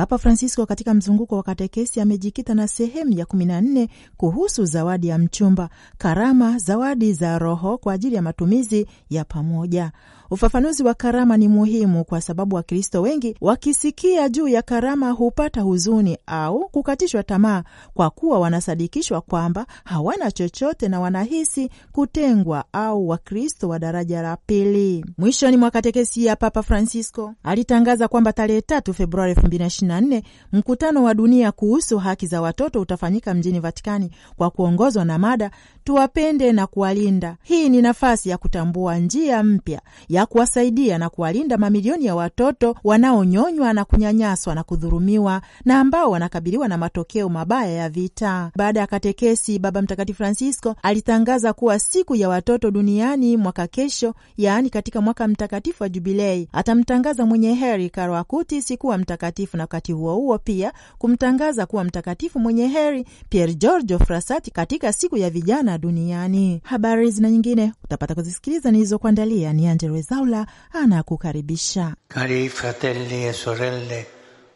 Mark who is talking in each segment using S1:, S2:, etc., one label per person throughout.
S1: Papa Francisco katika mzunguko wa katekesi amejikita na sehemu ya kumi na nne kuhusu zawadi ya mchumba, karama, zawadi za Roho kwa ajili ya matumizi ya pamoja. Ufafanuzi wa karama ni muhimu kwa sababu Wakristo wengi wakisikia juu ya karama hupata huzuni au kukatishwa tamaa, kwa kuwa wanasadikishwa kwamba hawana chochote na wanahisi kutengwa au Wakristo wa daraja la pili. Mwishoni mwa katekesi ya Papa Francisco alitangaza kwamba tarehe 3 Februari 2024 mkutano wa dunia kuhusu haki za watoto utafanyika mjini Vatikani kwa kuongozwa na mada tuwapende na kuwalinda. Hii ni nafasi ya kutambua njia mpya ya ya kuwasaidia na kuwalinda mamilioni ya watoto wanaonyonywa na kunyanyaswa na kudhurumiwa na ambao wanakabiliwa na matokeo mabaya ya vita. Baada ya katekesi, Baba Mtakatifu Francisco alitangaza kuwa siku ya watoto duniani mwaka kesho, yaani katika mwaka mtakatifu wa Jubilei, atamtangaza mwenye heri Carlo Acutis kuwa mtakatifu na wakati huo huo pia kumtangaza kuwa mtakatifu mwenye heri Pier Giorgio Frassati katika siku ya vijana duniani. Habari zina nyingine utapata kuzisikiliza nilizokuandalia. Ni Angelo quest'aula anakukaribisha.
S2: Cari fratelli e sorelle,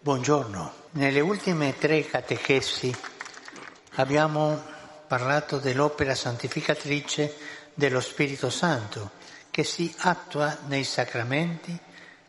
S2: buongiorno. Nelle ultime tre catechesi abbiamo parlato dell'opera santificatrice dello Spirito Santo che si attua nei sacramenti,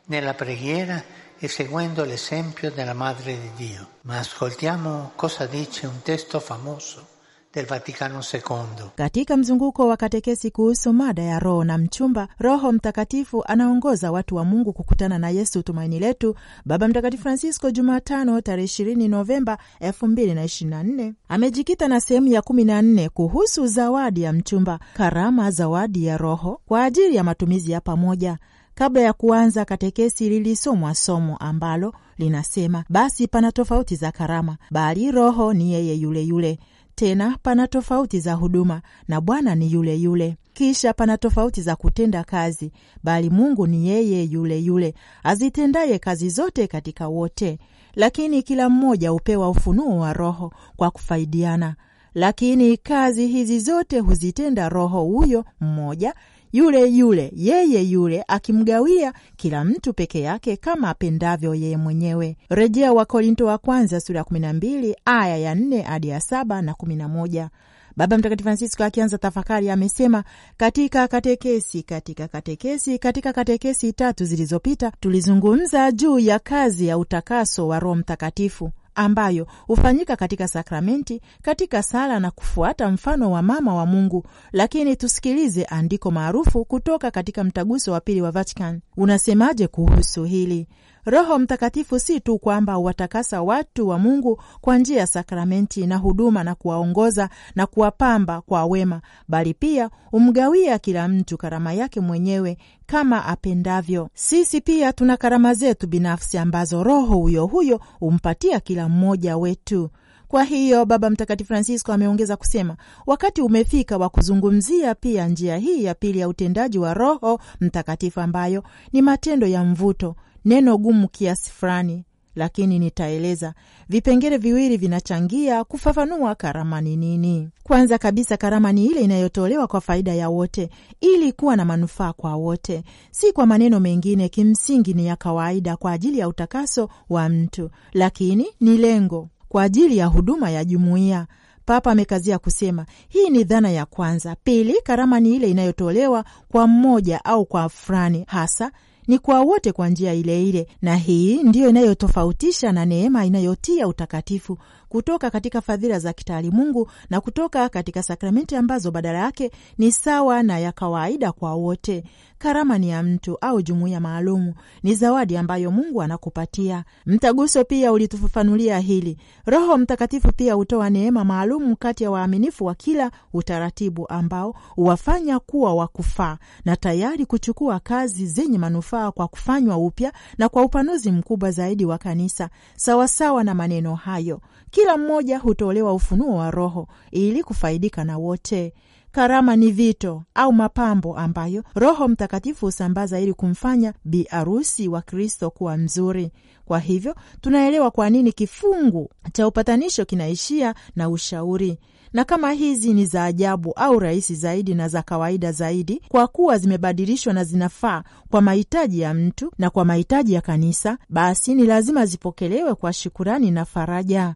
S2: nella preghiera e seguendo l'esempio della Madre di Dio. Ma ascoltiamo cosa dice un testo famoso del Vaticano II.
S1: Katika mzunguko wa katekesi kuhusu mada ya roho na mchumba, Roho Mtakatifu anaongoza watu wa Mungu kukutana na Yesu tumaini letu, Baba Mtakatifu Francisco Jumatano tarehe 20 Novemba 224 amejikita na sehemu ya 14 kuhusu zawadi ya mchumba, karama zawadi ya Roho kwa ajili ya matumizi ya pamoja. Kabla ya kuanza katekesi, lilisomwa somo ambalo linasema basi pana tofauti za karama, bali Roho ni yeye yule yule tena pana tofauti za huduma na Bwana ni yule yule. Kisha pana tofauti za kutenda kazi, bali Mungu ni yeye yule yule azitendaye kazi zote katika wote. Lakini kila mmoja hupewa ufunuo wa Roho kwa kufaidiana. Lakini kazi hizi zote huzitenda Roho huyo mmoja yule yule, yeye yule, akimgawia kila mtu peke yake kama apendavyo yeye mwenyewe. Rejea Wakorinto wa kwanza sura ya kumi na mbili aya ya nne hadi ya saba na kumi na moja. Baba Mtakatifu Francisco akianza tafakari amesema katika katekesi katika katekesi katika katekesi tatu zilizopita tulizungumza juu ya kazi ya utakaso wa Roho Mtakatifu ambayo hufanyika katika sakramenti, katika sala na kufuata mfano wa mama wa Mungu. Lakini tusikilize andiko maarufu kutoka katika mtaguso wa pili wa Vatican. Unasemaje kuhusu hili? Roho Mtakatifu si tu kwamba watakasa watu wa Mungu kwa njia ya sakramenti na huduma na kuwaongoza na kuwapamba kwa wema, bali pia umgawia kila mtu karama yake mwenyewe kama apendavyo. Sisi pia tuna karama zetu binafsi ambazo Roho huyo huyo humpatia kila mmoja wetu. Kwa hiyo Baba Mtakatifu Francisco ameongeza kusema, wakati umefika wa kuzungumzia pia njia hii ya pili ya utendaji wa Roho Mtakatifu ambayo ni matendo ya mvuto neno gumu kiasi fulani, lakini nitaeleza vipengele viwili vinachangia kufafanua karama ni nini. Kwanza kabisa, karama ni ile inayotolewa kwa faida ya wote ili kuwa na manufaa kwa wote. Si kwa maneno mengine, kimsingi ni ya kawaida kwa ajili ya utakaso wa mtu, lakini ni lengo kwa ajili ya huduma ya jumuiya. Papa amekazia kusema hii ni dhana ya kwanza. Pili, karama ni ile inayotolewa kwa mmoja au kwa fulani hasa ni kwa wote kwa njia ile ile, na hii ndiyo inayotofautisha na neema inayotia utakatifu kutoka katika fadhila za kitaalimungu na kutoka katika sakramenti ambazo badala yake ni sawa na ya kawaida kwa wote. Karama ni ya mtu au jumuiya maalumu, ni zawadi ambayo Mungu anakupatia. Mtaguso pia ulitufafanulia hili. Roho Mtakatifu pia hutoa neema maalumu kati ya waaminifu wa kila utaratibu ambao huwafanya kuwa wakufaa na tayari kuchukua kazi zenye manufaa kufaa kwa kufanywa upya na kwa upanuzi mkubwa zaidi wa kanisa, sawasawa na maneno hayo: kila mmoja hutolewa ufunuo wa Roho ili kufaidika na wote. Karama ni vito au mapambo ambayo Roho Mtakatifu husambaza ili kumfanya bi arusi wa Kristo kuwa mzuri. Kwa hivyo tunaelewa kwa nini kifungu cha upatanisho kinaishia na ushauri na kama hizi ni za ajabu au rahisi zaidi na za kawaida zaidi, kwa kuwa zimebadilishwa na zinafaa kwa mahitaji ya mtu na kwa mahitaji ya kanisa, basi ni lazima zipokelewe kwa shukurani na faraja.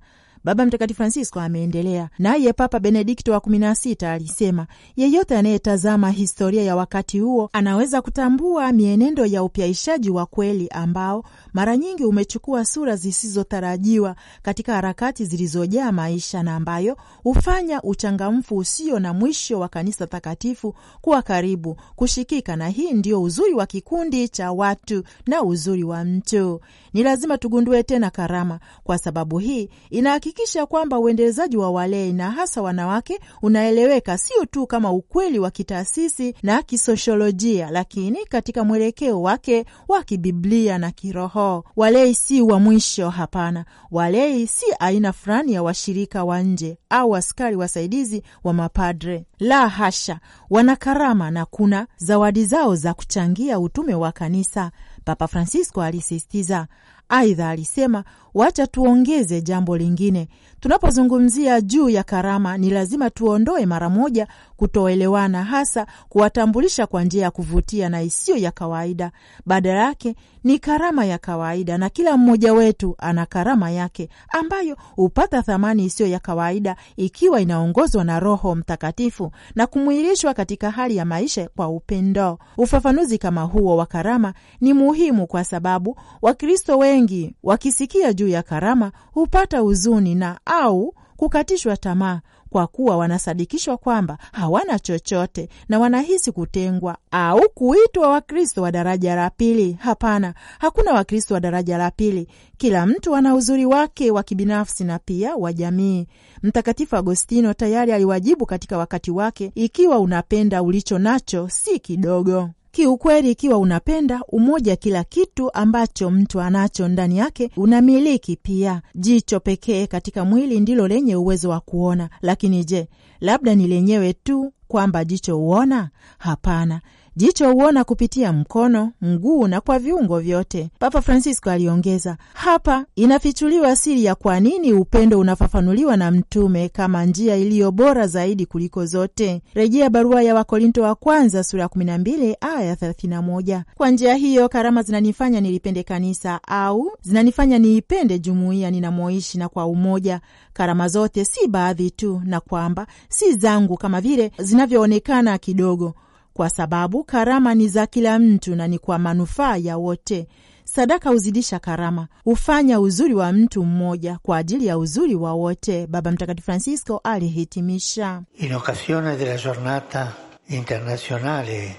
S1: Baba Mtakatifu Francisco ameendelea naye. Papa Benedikto wa kumi na sita alisema yeyote anayetazama historia ya wakati huo anaweza kutambua mienendo ya upyaishaji wa kweli ambao mara nyingi umechukua sura zisizotarajiwa katika harakati zilizojaa maisha na ambayo hufanya uchangamfu usio na mwisho wa kanisa takatifu kuwa karibu kushikika, na hii ndio uzuri wa kikundi cha watu na uzuri wa mtu. Ni lazima tugundue tena karama, kwa sababu hii inahakiki kuhakikisha kwamba uendelezaji wa walei na hasa wanawake unaeleweka sio tu kama ukweli wa kitaasisi na kisosiolojia, lakini katika mwelekeo wake wa kibiblia na kiroho. Walei si wa mwisho, hapana. Walei si aina fulani ya washirika wa nje au askari wasaidizi wa mapadre, la hasha. Wana karama na kuna zawadi zao za kuchangia utume wa kanisa, Papa Francisco alisisitiza. Aidha alisema Wacha tuongeze jambo lingine. Tunapozungumzia juu ya karama, ni lazima tuondoe mara moja kutoelewana, hasa kuwatambulisha kwa njia ya kuvutia na isiyo ya kawaida. Badala yake ni karama ya kawaida, na kila mmoja wetu ana karama yake ambayo hupata thamani isiyo ya kawaida ikiwa inaongozwa na Roho Mtakatifu na kumwilishwa katika hali ya maisha kwa upendo. Ufafanuzi kama huo wa karama ni muhimu kwa sababu Wakristo wengi wakisikia juu ya karama hupata huzuni na au kukatishwa tamaa kwa kuwa wanasadikishwa kwamba hawana chochote na wanahisi kutengwa au kuitwa Wakristo wa daraja la pili. Hapana, hakuna Wakristo wa daraja la pili. Kila mtu ana uzuri wake wa kibinafsi na pia wa jamii. Mtakatifu Agostino tayari aliwajibu katika wakati wake, ikiwa unapenda ulicho nacho si kidogo. Kiukweli, ikiwa unapenda umoja, kila kitu ambacho mtu anacho ndani yake unamiliki pia. Jicho pekee katika mwili ndilo lenye uwezo wa kuona, lakini je, labda ni lenyewe tu kwamba jicho huona? Hapana, Jicho huona kupitia mkono, mguu na kwa viungo vyote. Papa Francisco aliongeza, hapa inafichuliwa siri ya kwa nini upendo unafafanuliwa na mtume kama njia iliyo bora zaidi kuliko zote, rejea barua ya Wakorinto wa kwanza sura 12 aya 31. Kwa njia hiyo karama zinanifanya nilipende kanisa au zinanifanya niipende jumuiya ninamoishi na kwa umoja, karama zote, si baadhi tu, na kwamba si zangu kama vile zinavyoonekana kidogo kwa sababu karama ni za kila mtu na ni kwa manufaa ya wote. Sadaka huzidisha karama, hufanya uzuri wa mtu mmoja kwa ajili ya uzuri wa wote. Baba Mtakatifu Francisco alihitimisha
S2: in occasione della giornata internazionale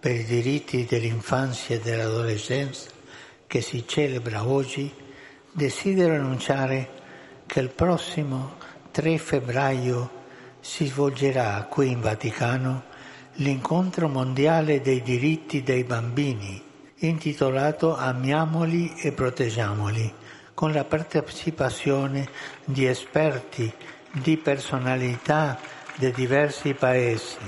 S2: per i diritti dell'infanzia e dell'adolescenza che si celebra oggi desidero annunciare che il prossimo 3 febbraio si svolgerà qui in Vaticano l'incontro mondiale dei diritti dei bambini, intitolato Amiamoli e proteggiamoli, con la partecipazione di esperti, di personalità di diversi paesi.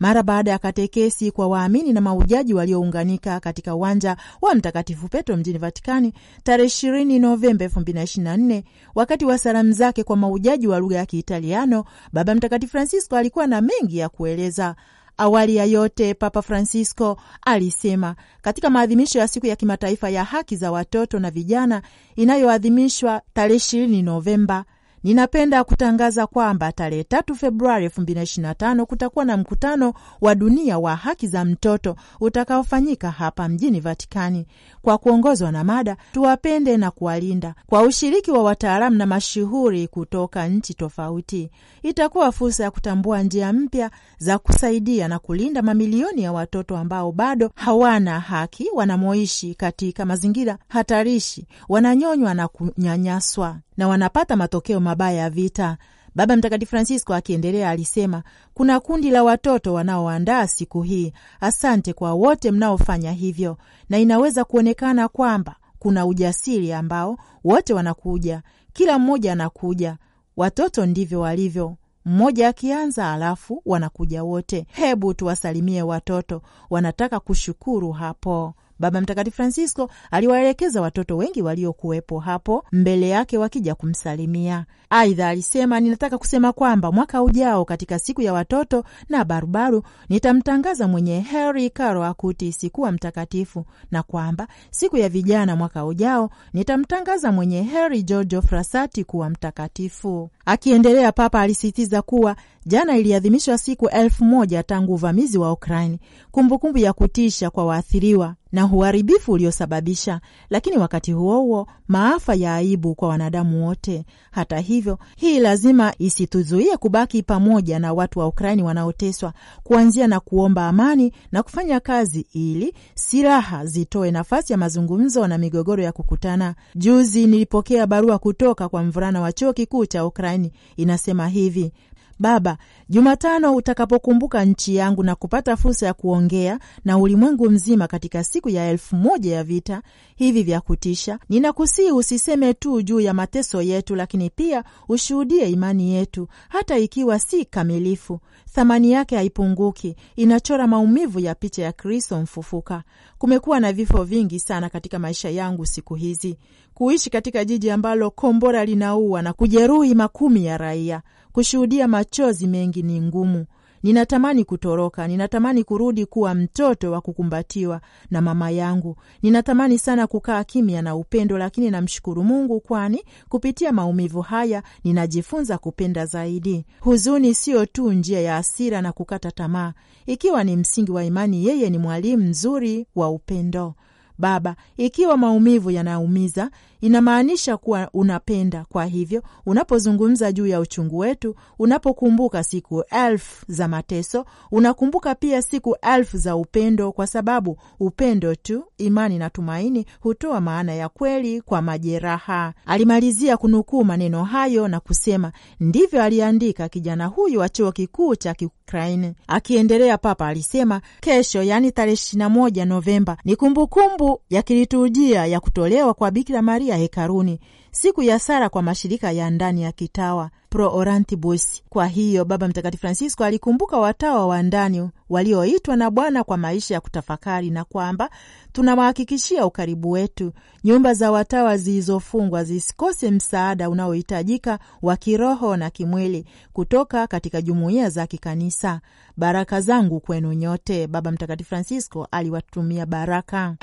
S1: Mara baada ya katekesi kwa waamini na maujaji waliounganika katika uwanja wa Mtakatifu Petro mjini Vatikani tarehe ishirini Novemba 2024, wakati wa salamu zake kwa maujaji wa lugha ya Kiitaliano, Baba Mtakatifu Francisco alikuwa na mengi ya kueleza. Awali ya yote, Papa Francisco alisema katika maadhimisho ya siku ya kimataifa ya haki za watoto na vijana inayoadhimishwa tarehe 20 Novemba Ninapenda kutangaza kwamba tarehe ta Februari elfu kutakuwa na mkutano wa dunia wa haki za mtoto utakaofanyika hapa mjini Vatikani kwa kuongozwa na mada tuwapende na kuwalinda, kwa ushiriki wa wataalamu na mashuhuri kutoka nchi tofauti. Itakuwa fursa ya kutambua njia mpya za kusaidia na kulinda mamilioni ya watoto ambao bado hawana haki, wanamoishi katika mazingira hatarishi, wananyonywa na kunyanyaswa na wanapata matokeo mabaya ya vita. Baba Mtakatifu Francisco akiendelea alisema, kuna kundi la watoto wanaoandaa siku hii. Asante kwa wote mnaofanya hivyo, na inaweza kuonekana kwamba kuna ujasiri ambao wote wanakuja, kila mmoja anakuja. Watoto ndivyo walivyo, mmoja akianza, alafu wanakuja wote. Hebu tuwasalimie watoto, wanataka kushukuru hapo. Baba Mtakatifu Francisco aliwaelekeza watoto wengi waliokuwepo hapo mbele yake wakija kumsalimia. Aidha alisema, ninataka kusema kwamba mwaka ujao katika siku ya watoto na barubaru nitamtangaza mwenye heri Caro Acutis kuwa mtakatifu, na kwamba siku ya vijana mwaka ujao nitamtangaza mwenye heri Giorgio Frassati kuwa mtakatifu. Akiendelea, Papa alisisitiza kuwa jana iliadhimishwa siku elfu moja tangu uvamizi wa Ukraini, kumbukumbu ya kutisha kwa waathiriwa na uharibifu uliosababisha, lakini wakati huo huo maafa ya aibu kwa wanadamu wote. Hata hivyo, hii lazima isituzuie kubaki pamoja na watu wa Ukraini wanaoteswa, kuanzia na kuomba amani na kufanya kazi ili silaha zitoe nafasi ya mazungumzo na migogoro ya kukutana. Juzi nilipokea barua kutoka kwa mvulana wa chuo kikuu cha Ukraini Marekani inasema hivi: Baba, Jumatano utakapokumbuka nchi yangu na kupata fursa ya kuongea na ulimwengu mzima katika siku ya elfu moja ya vita hivi vya kutisha, ninakusihi usiseme tu juu ya mateso yetu, lakini pia ushuhudie imani yetu, hata ikiwa si kamilifu. Thamani yake haipunguki, inachora maumivu ya picha ya Kristo mfufuka. Kumekuwa na vifo vingi sana katika maisha yangu siku hizi, kuishi katika jiji ambalo kombora linaua na kujeruhi makumi ya raia kushuhudia machozi mengi ni ngumu. Ninatamani kutoroka, ninatamani kurudi kuwa mtoto wa kukumbatiwa na mama yangu. Ninatamani sana kukaa kimya na upendo, lakini namshukuru Mungu, kwani kupitia maumivu haya ninajifunza kupenda zaidi. Huzuni siyo tu njia ya hasira na kukata tamaa, ikiwa ni msingi wa imani. Yeye ni mwalimu mzuri wa upendo. Baba, ikiwa maumivu yanaumiza, inamaanisha kuwa unapenda. Kwa hivyo unapozungumza juu ya uchungu wetu, unapokumbuka siku elfu za mateso, unakumbuka pia siku elfu za upendo, kwa sababu upendo tu, imani na tumaini hutoa maana ya kweli kwa majeraha. Alimalizia kunukuu maneno hayo na kusema, ndivyo aliandika kijana huyu wa chuo kikuu cha Ukraine. Akiendelea, Papa alisema kesho, yaani tarehe 21 Novemba, ni kumbukumbu ya kiliturujia ya kutolewa kwa Bikira Maria ya hekaruni, siku ya sara kwa mashirika ya ndani ya kitawa pro orantibus. Kwa hiyo Baba Mtakatifu Francisco alikumbuka watawa wa ndani walioitwa na Bwana kwa maisha ya kutafakari, na kwamba tunawahakikishia ukaribu wetu, nyumba za watawa zilizofungwa zisikose msaada unaohitajika wa kiroho na kimwili kutoka katika jumuiya za kikanisa. Baraka zangu kwenu nyote. Baba Mtakatifu Francisco aliwatumia baraka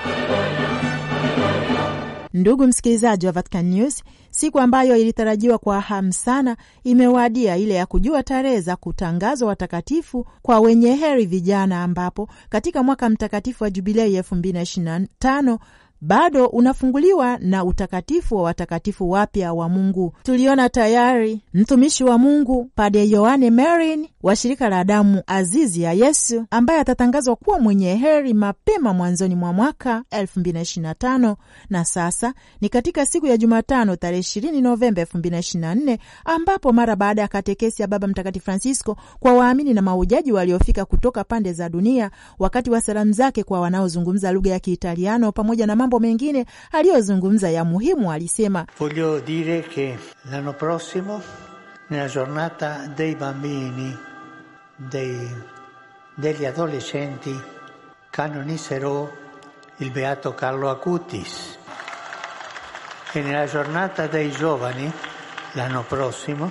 S1: Ndugu msikilizaji wa Vatican News, siku ambayo ilitarajiwa kwa hamu sana imewadia, ile ya kujua tarehe za kutangazwa watakatifu kwa wenye heri vijana, ambapo katika mwaka mtakatifu wa Jubilei 2025 bado unafunguliwa na utakatifu wa watakatifu wapya wa Mungu. Tuliona tayari mtumishi wa Mungu Pade Yohane merin wa shirika la damu azizi ya Yesu, ambaye atatangazwa kuwa mwenye heri mapema mwanzoni mwa mwaka 2025 na sasa ni katika siku ya Jumatano tarehe 20 Novemba 2024, ambapo mara baada ya katekesi ya Baba Mtakatifu Francisco kwa waamini na mahujaji waliofika kutoka pande za dunia wakati wa salamu zake kwa wanaozungumza lugha ya Kiitaliano pamoja na mambo mengine aliyozungumza ya muhimu, alisema
S2: voglio dire che l'anno prossimo nella giornata dei bambini dei, degli adolescenti canonizzerò il beato Carlo Acutis e nella giornata dei giovani l'anno prossimo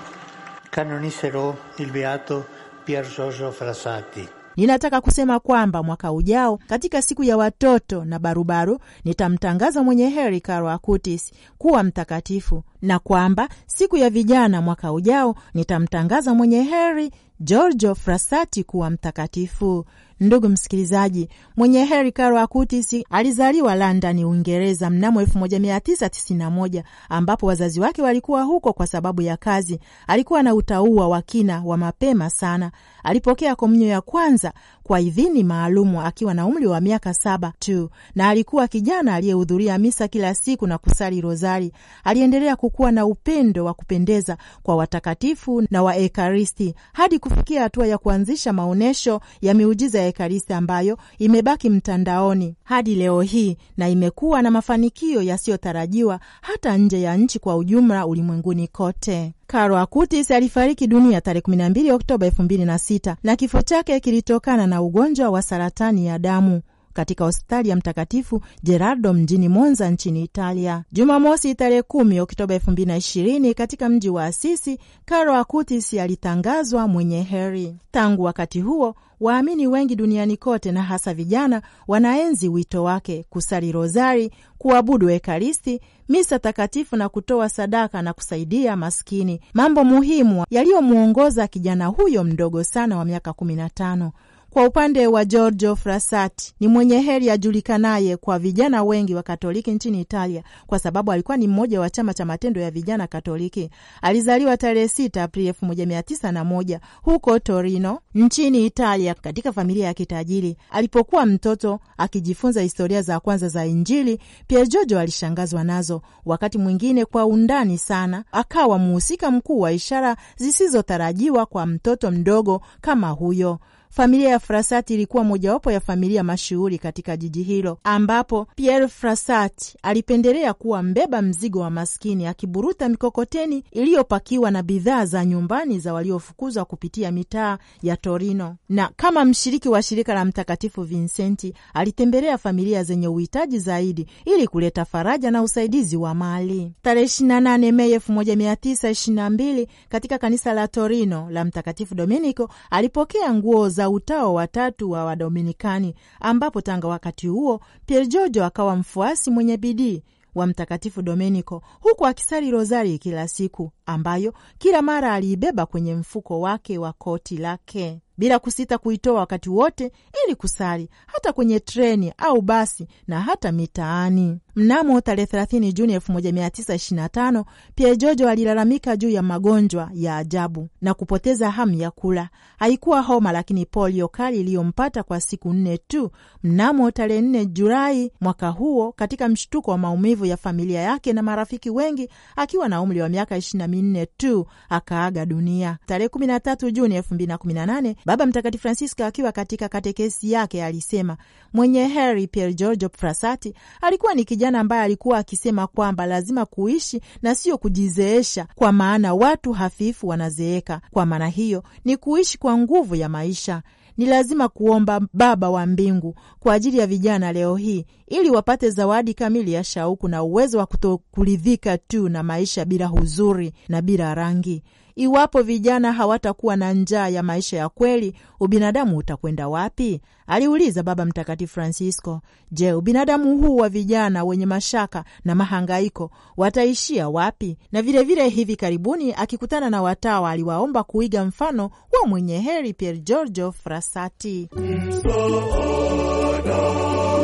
S2: canonizzerò il beato Pier Giorgio Frassati.
S1: Ninataka kusema kwamba mwaka ujao katika siku ya watoto na barubaru nitamtangaza mwenye heri Carlo Acutis kuwa mtakatifu na kwamba siku ya vijana mwaka ujao nitamtangaza mwenye heri Giorgio Frassati kuwa mtakatifu. Ndugu msikilizaji, mwenye heri Carlo Acutis alizaliwa London, Uingereza mnamo 1991 ambapo wazazi wake walikuwa huko kwa sababu ya kazi. Alikuwa na utauwa wa kina wa mapema sana. Alipokea komunyo ya kwanza kwa idhini maalumu akiwa na umri wa miaka saba tu, na alikuwa kijana aliyehudhuria misa kila siku na kusali rozari. Aliendelea kukuwa na upendo wa kupendeza kwa watakatifu na wa Ekaristi hadi kufikia hatua ya kuanzisha maonyesho ya miujiza ekarisi Ekaristi ambayo imebaki mtandaoni hadi leo hii na imekuwa na mafanikio yasiyotarajiwa hata nje ya nchi kwa ujumla ulimwenguni kote. Caro Acutis alifariki dunia tarehe 12 Oktoba 2006 na kifo chake kilitokana na ugonjwa wa saratani ya damu katika hospitali ya Mtakatifu Gerardo mjini Monza nchini Italia. Jumamosi tarehe kumi Oktoba na ishirini katika mji wa Asisi, Carlo Acutis alitangazwa mwenye heri. Tangu wakati huo waamini wengi duniani kote na hasa vijana wanaenzi wito wake: kusali rozari, kuabudu Ekaristi, misa takatifu na kutoa sadaka na kusaidia maskini, mambo muhimu yaliyomwongoza kijana huyo mdogo sana wa miaka kumi na tano. Kwa upande wa Giorgio Frassati, ni mwenye heri ajulikanaye kwa vijana wengi wa Katoliki nchini Italia kwa sababu alikuwa ni mmoja wa chama cha matendo ya vijana Katoliki. Alizaliwa tarehe 6 Aprili 1901 huko Torino nchini Italia, katika familia ya kitajiri. Alipokuwa mtoto akijifunza historia za kwanza za Injili, Pier Giorgio alishangazwa nazo, wakati mwingine kwa undani sana. Akawa mhusika mkuu wa ishara zisizotarajiwa kwa mtoto mdogo kama huyo. Familia ya Frasati ilikuwa mojawapo ya familia mashuhuri katika jiji hilo, ambapo Pierre frasat alipendelea kuwa mbeba mzigo wa maskini, akiburuta mikokoteni iliyopakiwa na bidhaa za nyumbani za waliofukuzwa kupitia mitaa ya Torino, na kama mshiriki wa shirika la Mtakatifu Vincenti alitembelea familia zenye uhitaji zaidi ili kuleta faraja na usaidizi wa mali. Tarehe 28 Mei 1922 katika kanisa la Torino la Mtakatifu dominico alipokea nguo za za Utao watatu wa Wadominikani, ambapo tanga wakati huo Pier Giorgio akawa mfuasi mwenye bidii wa Mtakatifu Domenico, huku akisali rozari kila siku, ambayo kila mara aliibeba kwenye mfuko wake wa koti lake bila kusita kuitoa wakati wote ili kusali, hata kwenye treni au basi na hata mitaani. Mnamo tarehe 30 Juni 1925 Pierre Jojo alilalamika juu ya magonjwa ya ajabu na kupoteza hamu ya kula. Haikuwa homa, lakini polio kali iliyompata kwa siku nne tu. Mnamo tarehe 4 Julai mwaka huo, katika mshtuko wa maumivu ya familia yake na marafiki wengi, akiwa na umri wa miaka ishirini na minne tu akaaga dunia. Tarehe 13 Juni 2018 Baba Mtakatifu Francisco akiwa katika katekesi yake alisema, mwenye heri Pier Giorgio Frassati alikuwa ni kijana kijana ambaye alikuwa akisema kwamba lazima kuishi na sio kujizeesha, kwa maana watu hafifu wanazeeka. Kwa maana hiyo ni kuishi kwa nguvu ya maisha. Ni lazima kuomba Baba wa mbingu kwa ajili ya vijana leo hii ili wapate zawadi kamili ya shauku na uwezo wa kutokuridhika tu na maisha bila huzuri na bila rangi Iwapo vijana hawatakuwa na njaa ya maisha ya kweli, ubinadamu utakwenda wapi? aliuliza Baba Mtakatifu Francisco. Je, ubinadamu huu wa vijana wenye mashaka na mahangaiko wataishia wapi? Na vilevile vile hivi karibuni akikutana na watawa aliwaomba kuiga mfano wa mwenye heri Pier Giorgio Frassati.
S3: Oh, oh, oh.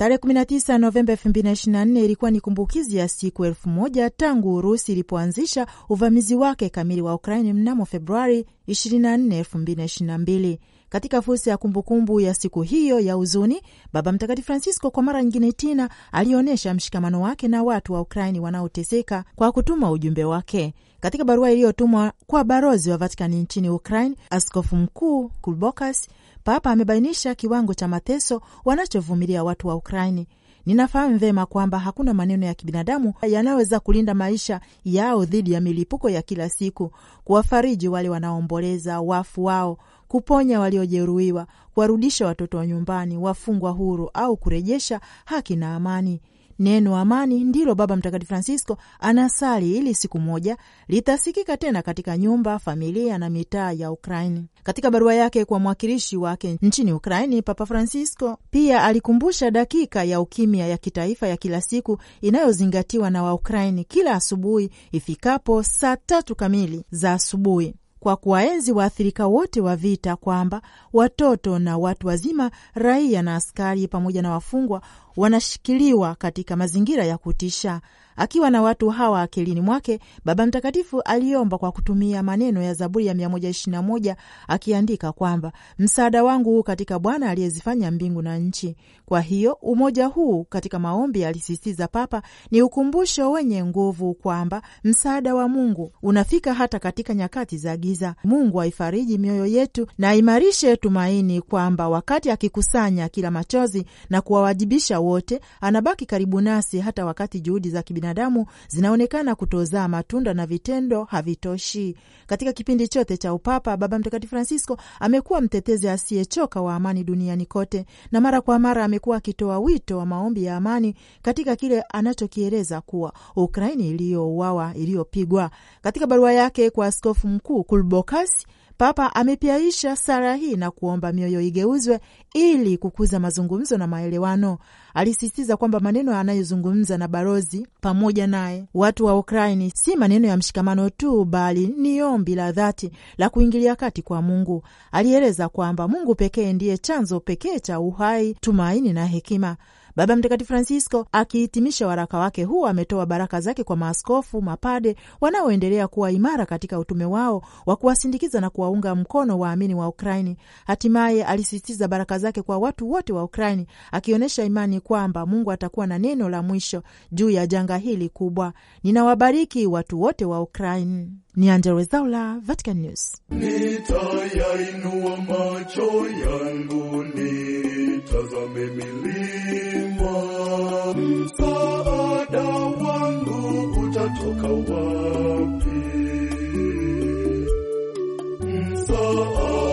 S1: Tarehe 19 Novemba 2024 ilikuwa ni kumbukizi ya siku elfu moja tangu Urusi ilipoanzisha uvamizi wake kamili wa Ukraini mnamo Februari 24, 2022. Katika fursa ya kumbukumbu ya siku hiyo ya huzuni, Baba Mtakatifu Francisco kwa mara nyingine tena alionyesha mshikamano wake na watu wa Ukraini wanaoteseka kwa kutuma ujumbe wake katika barua iliyotumwa kwa barozi wa Vatikani nchini Ukraini, Askofu Mkuu Kulbokas Papa amebainisha kiwango cha mateso wanachovumilia watu wa Ukraini. Ninafahamu vema kwamba hakuna maneno ya kibinadamu yanayoweza kulinda maisha yao dhidi ya milipuko ya kila siku, kuwafariji wale wanaomboleza wafu wao, kuponya waliojeruhiwa, kuwarudisha watoto wa nyumbani, wafungwa huru, au kurejesha haki na amani. Neno amani ndilo Baba Mtakatifu Francisco anasali ili siku moja litasikika tena katika nyumba, familia na mitaa ya Ukraini. Katika barua yake kwa mwakilishi wake nchini Ukraini, Papa Francisco pia alikumbusha dakika ya ukimya ya kitaifa ya kila siku inayozingatiwa na Waukraini kila asubuhi ifikapo saa tatu kamili za asubuhi kwa kuwaenzi waathirika wote wa vita, kwamba watoto na watu wazima, raia na askari, pamoja na wafungwa wanashikiliwa katika mazingira ya kutisha. Akiwa na watu hawa akilini mwake, Baba Mtakatifu aliomba kwa kutumia maneno ya Zaburi ya 121 akiandika kwamba msaada wangu huu katika Bwana aliyezifanya mbingu na nchi. Kwa hiyo umoja huu katika maombi, alisisitiza Papa, ni ukumbusho wenye nguvu kwamba msaada wa Mungu unafika hata katika nyakati za giza. Mungu aifariji mioyo yetu na aimarishe tumaini kwamba wakati akikusanya kila machozi na kuwawajibisha wote anabaki karibu nasi hata wakati juhudi za kibinadamu zinaonekana kutozaa matunda na vitendo havitoshi. Katika kipindi chote cha upapa, Baba Mtakatifu Francisco amekuwa mtetezi asiyechoka wa amani duniani kote, na mara kwa mara amekuwa akitoa wito wa maombi ya amani katika kile anachokieleza kuwa Ukraini iliyouawa iliyopigwa. Katika barua yake kwa askofu mkuu Kulbokasi Papa amepiaisha sara hii na kuomba mioyo igeuzwe ili kukuza mazungumzo na maelewano. Alisisitiza kwamba maneno anayozungumza na barozi pamoja naye watu wa Ukraini si maneno ya mshikamano tu, bali ni ombi la dhati la kuingilia kati kwa Mungu. Alieleza kwamba Mungu pekee ndiye chanzo pekee cha uhai, tumaini na hekima. Baba Mtakatifu Francisco akihitimisha waraka wake huu ametoa baraka zake kwa maaskofu, mapade wanaoendelea kuwa imara katika utume wao wa kuwasindikiza na kuwaunga mkono waamini wa Ukraini. Hatimaye alisisitiza baraka zake kwa watu wote wa Ukraini, akionyesha imani kwamba Mungu atakuwa na neno la mwisho juu ya janga hili kubwa. Ninawabariki watu wote wa Ukraini. Ni Angella Rwezaula, Vatican News.
S3: Nitayainua macho yangu ni Nitazame milima, msaada wangu utatoka wapi? Msaada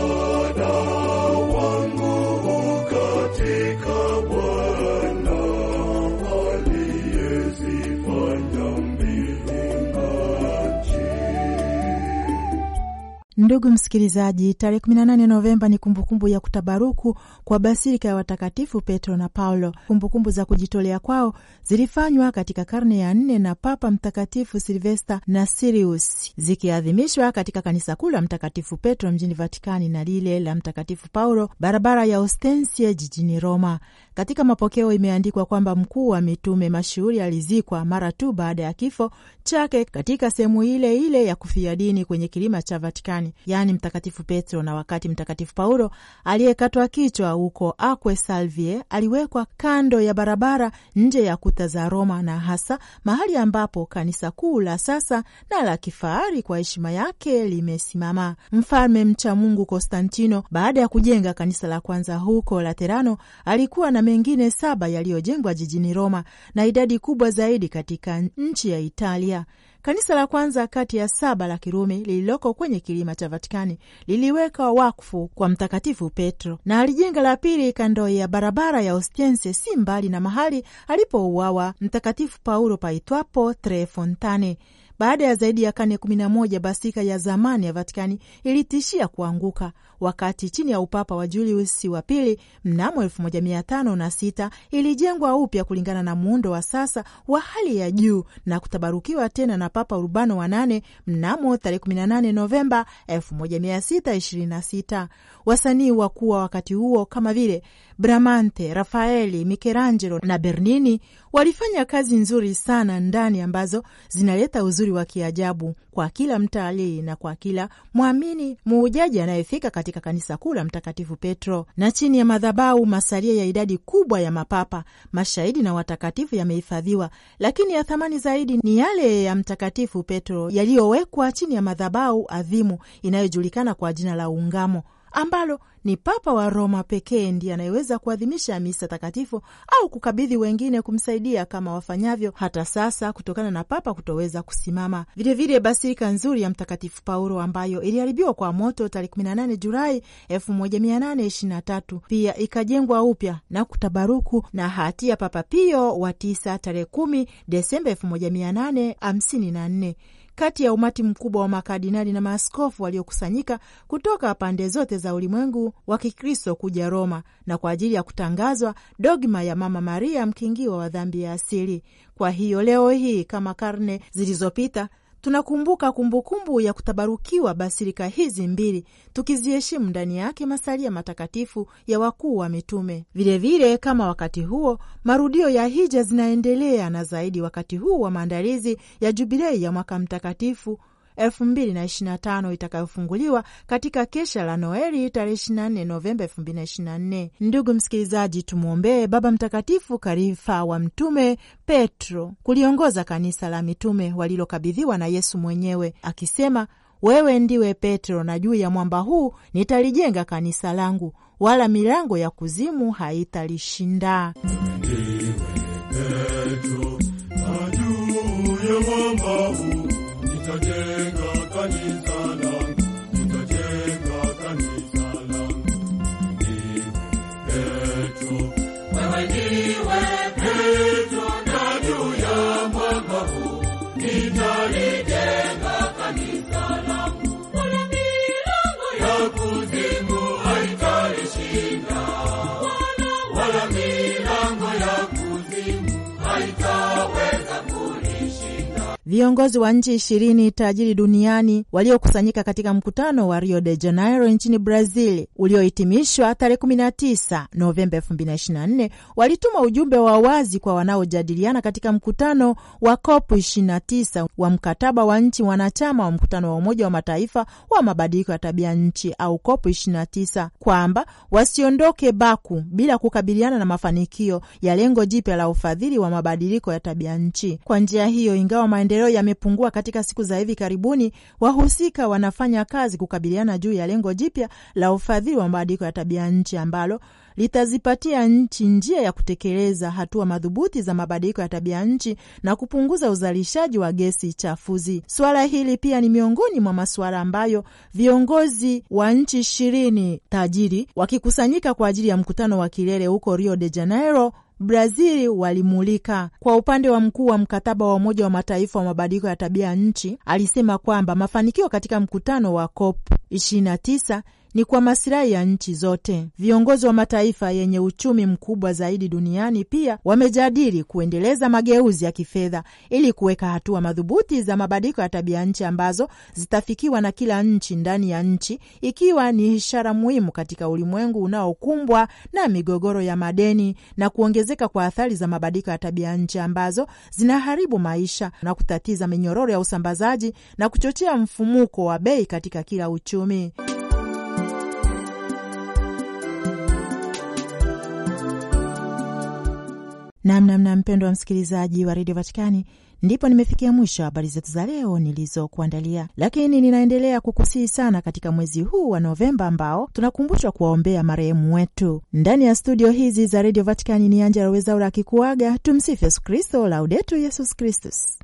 S1: Ndugu msikilizaji, tarehe 18 Novemba ni kumbukumbu kumbu ya kutabaruku kwa basilika ya watakatifu Petro na Paulo. Kumbukumbu kumbu za kujitolea kwao zilifanywa katika karne ya nne na Papa Mtakatifu Silvesta na Sirius, zikiadhimishwa katika kanisa kuu la Mtakatifu Petro mjini Vatikani na lile la Mtakatifu Paulo barabara ya Ostensie jijini Roma. Katika mapokeo imeandikwa kwamba mkuu wa mitume mashuhuri alizikwa mara tu baada ya kifo chake katika sehemu ile ile ya kufia dini kwenye kilima cha Vatikani yaani Mtakatifu Petro, na wakati Mtakatifu Paulo aliyekatwa kichwa huko Akwe Salvie aliwekwa kando ya barabara nje ya kuta za Roma, na hasa mahali ambapo kanisa kuu la sasa na la kifahari kwa heshima yake limesimama. Mfalme mcha Mungu Konstantino, baada ya kujenga kanisa la kwanza huko Laterano, alikuwa na mengine saba yaliyojengwa jijini Roma na idadi kubwa zaidi katika nchi ya Italia. Kanisa la kwanza kati ya saba la Kirumi lililoko kwenye kilima cha Vatikani liliweka wakfu kwa Mtakatifu Petro na alijenga la pili kando ya barabara ya Ostiense, si mbali na mahali alipouawa Mtakatifu Paulo paitwapo Tre Fontane. Baada ya zaidi ya karne kumi na moja, basika ya zamani ya Vatikani ilitishia kuanguka wakati chini ya upapa wa Juliusi wa pili mnamo elfu moja mia tano na sita ilijengwa upya kulingana na muundo wa sasa wa hali ya juu na kutabarukiwa tena na Papa Urbano wa nane mnamo tarehe 18 Novemba 1626. Wasanii wakuu wa wakati huo kama vile Bramante, Rafaeli, Michelangelo na Bernini walifanya kazi nzuri sana ndani ambazo zinaleta uzuri wa kiajabu kwa kila mtalii na kwa kila mwamini muujaji anayefika katika kanisa kuu la Mtakatifu Petro. Na chini ya madhabahu, masalia ya idadi kubwa ya mapapa, mashahidi na watakatifu yamehifadhiwa, lakini ya thamani zaidi ni yale ya Mtakatifu Petro yaliyowekwa chini ya madhabahu adhimu inayojulikana kwa jina la Ungamo ambalo ni Papa wa Roma pekee ndiye anayeweza kuadhimisha misa takatifu au kukabidhi wengine kumsaidia kama wafanyavyo hata sasa, kutokana na Papa kutoweza kusimama. Vilevile basilika nzuri ya Mtakatifu Paulo ambayo iliharibiwa kwa moto tarehe 18 Julai 1823 pia ikajengwa upya na kutabaruku na hati ya Papa Pio wa tisa tarehe 10 Desemba 1854 kati ya umati mkubwa wa makardinali na maaskofu waliokusanyika kutoka pande zote za ulimwengu wa Kikristo kuja Roma na kwa ajili ya kutangazwa dogma ya Mama Maria mkingiwa wa dhambi ya asili. Kwa hiyo leo hii kama karne zilizopita tunakumbuka kumbukumbu ya kutabarukiwa basilika hizi mbili, tukiziheshimu ndani yake masalia matakatifu ya wakuu wa mitume. Vilevile, kama wakati huo marudio ya hija zinaendelea, na zaidi wakati huu wa maandalizi ya jubilei ya mwaka mtakatifu elfu mbili na ishirini na tano itakayofunguliwa katika kesha la Noeli tarehe ishirini na nne Novemba elfu mbili na ishirini na nne. Ndugu msikilizaji, tumwombee Baba Mtakatifu Karifa wa Mtume Petro kuliongoza kanisa la mitume walilokabidhiwa na Yesu mwenyewe akisema wewe ndiwe Petro, na juu ya mwamba huu nitalijenga kanisa langu, wala milango ya kuzimu haitalishinda. Viongozi wa nchi ishirini tajiri duniani waliokusanyika katika mkutano wa Rio de Janeiro nchini Brazil uliohitimishwa tarehe 19 Novemba 2024 walituma ujumbe wa wazi kwa wanaojadiliana katika mkutano wa COP 29 wa mkataba wa nchi wanachama wa mkutano wa Umoja wa Mataifa wa mabadiliko ya tabia nchi au COP 29 kwamba wasiondoke Baku bila kukabiliana na mafanikio ya lengo jipya la ufadhili wa mabadiliko ya tabia nchi. Kwa njia hiyo, ingawa maendeleo ambayo yamepungua katika siku za hivi karibuni, wahusika wanafanya kazi kukabiliana juu ya lengo jipya la ufadhili wa mabadiliko ya tabia nchi ambalo litazipatia nchi njia ya kutekeleza hatua madhubuti za mabadiliko ya tabia nchi na kupunguza uzalishaji wa gesi chafuzi. Suala hili pia ni miongoni mwa masuala ambayo viongozi wa nchi ishirini tajiri wakikusanyika kwa ajili ya mkutano wa kilele huko Rio de Janeiro Brazil walimulika. Kwa upande wa mkuu wa mkataba wa Umoja wa Mataifa wa mabadiliko ya tabia ya nchi alisema kwamba mafanikio katika mkutano wa COP 29 ni kwa masilahi ya nchi zote. Viongozi wa mataifa yenye uchumi mkubwa zaidi duniani pia wamejadili kuendeleza mageuzi ya kifedha ili kuweka hatua madhubuti za mabadiliko ya tabia nchi ambazo zitafikiwa na kila nchi ndani ya nchi, ikiwa ni ishara muhimu katika ulimwengu unaokumbwa na migogoro ya madeni na kuongezeka kwa athari za mabadiliko ya tabia nchi ambazo zinaharibu maisha na kutatiza minyororo ya usambazaji na kuchochea mfumuko wa bei katika kila uchumi. Namnamna mpendo wa msikilizaji wa redio Vatikani, ndipo nimefikia mwisho habari zetu za leo nilizokuandalia, lakini ninaendelea kukusihi sana katika mwezi huu wa Novemba ambao tunakumbushwa kuwaombea marehemu wetu. Ndani ya studio hizi za redio Vatikani ni Angela Wezaura akikuaga. Tumsifu Yesu Kristo, Laudetu Yesus Kristus.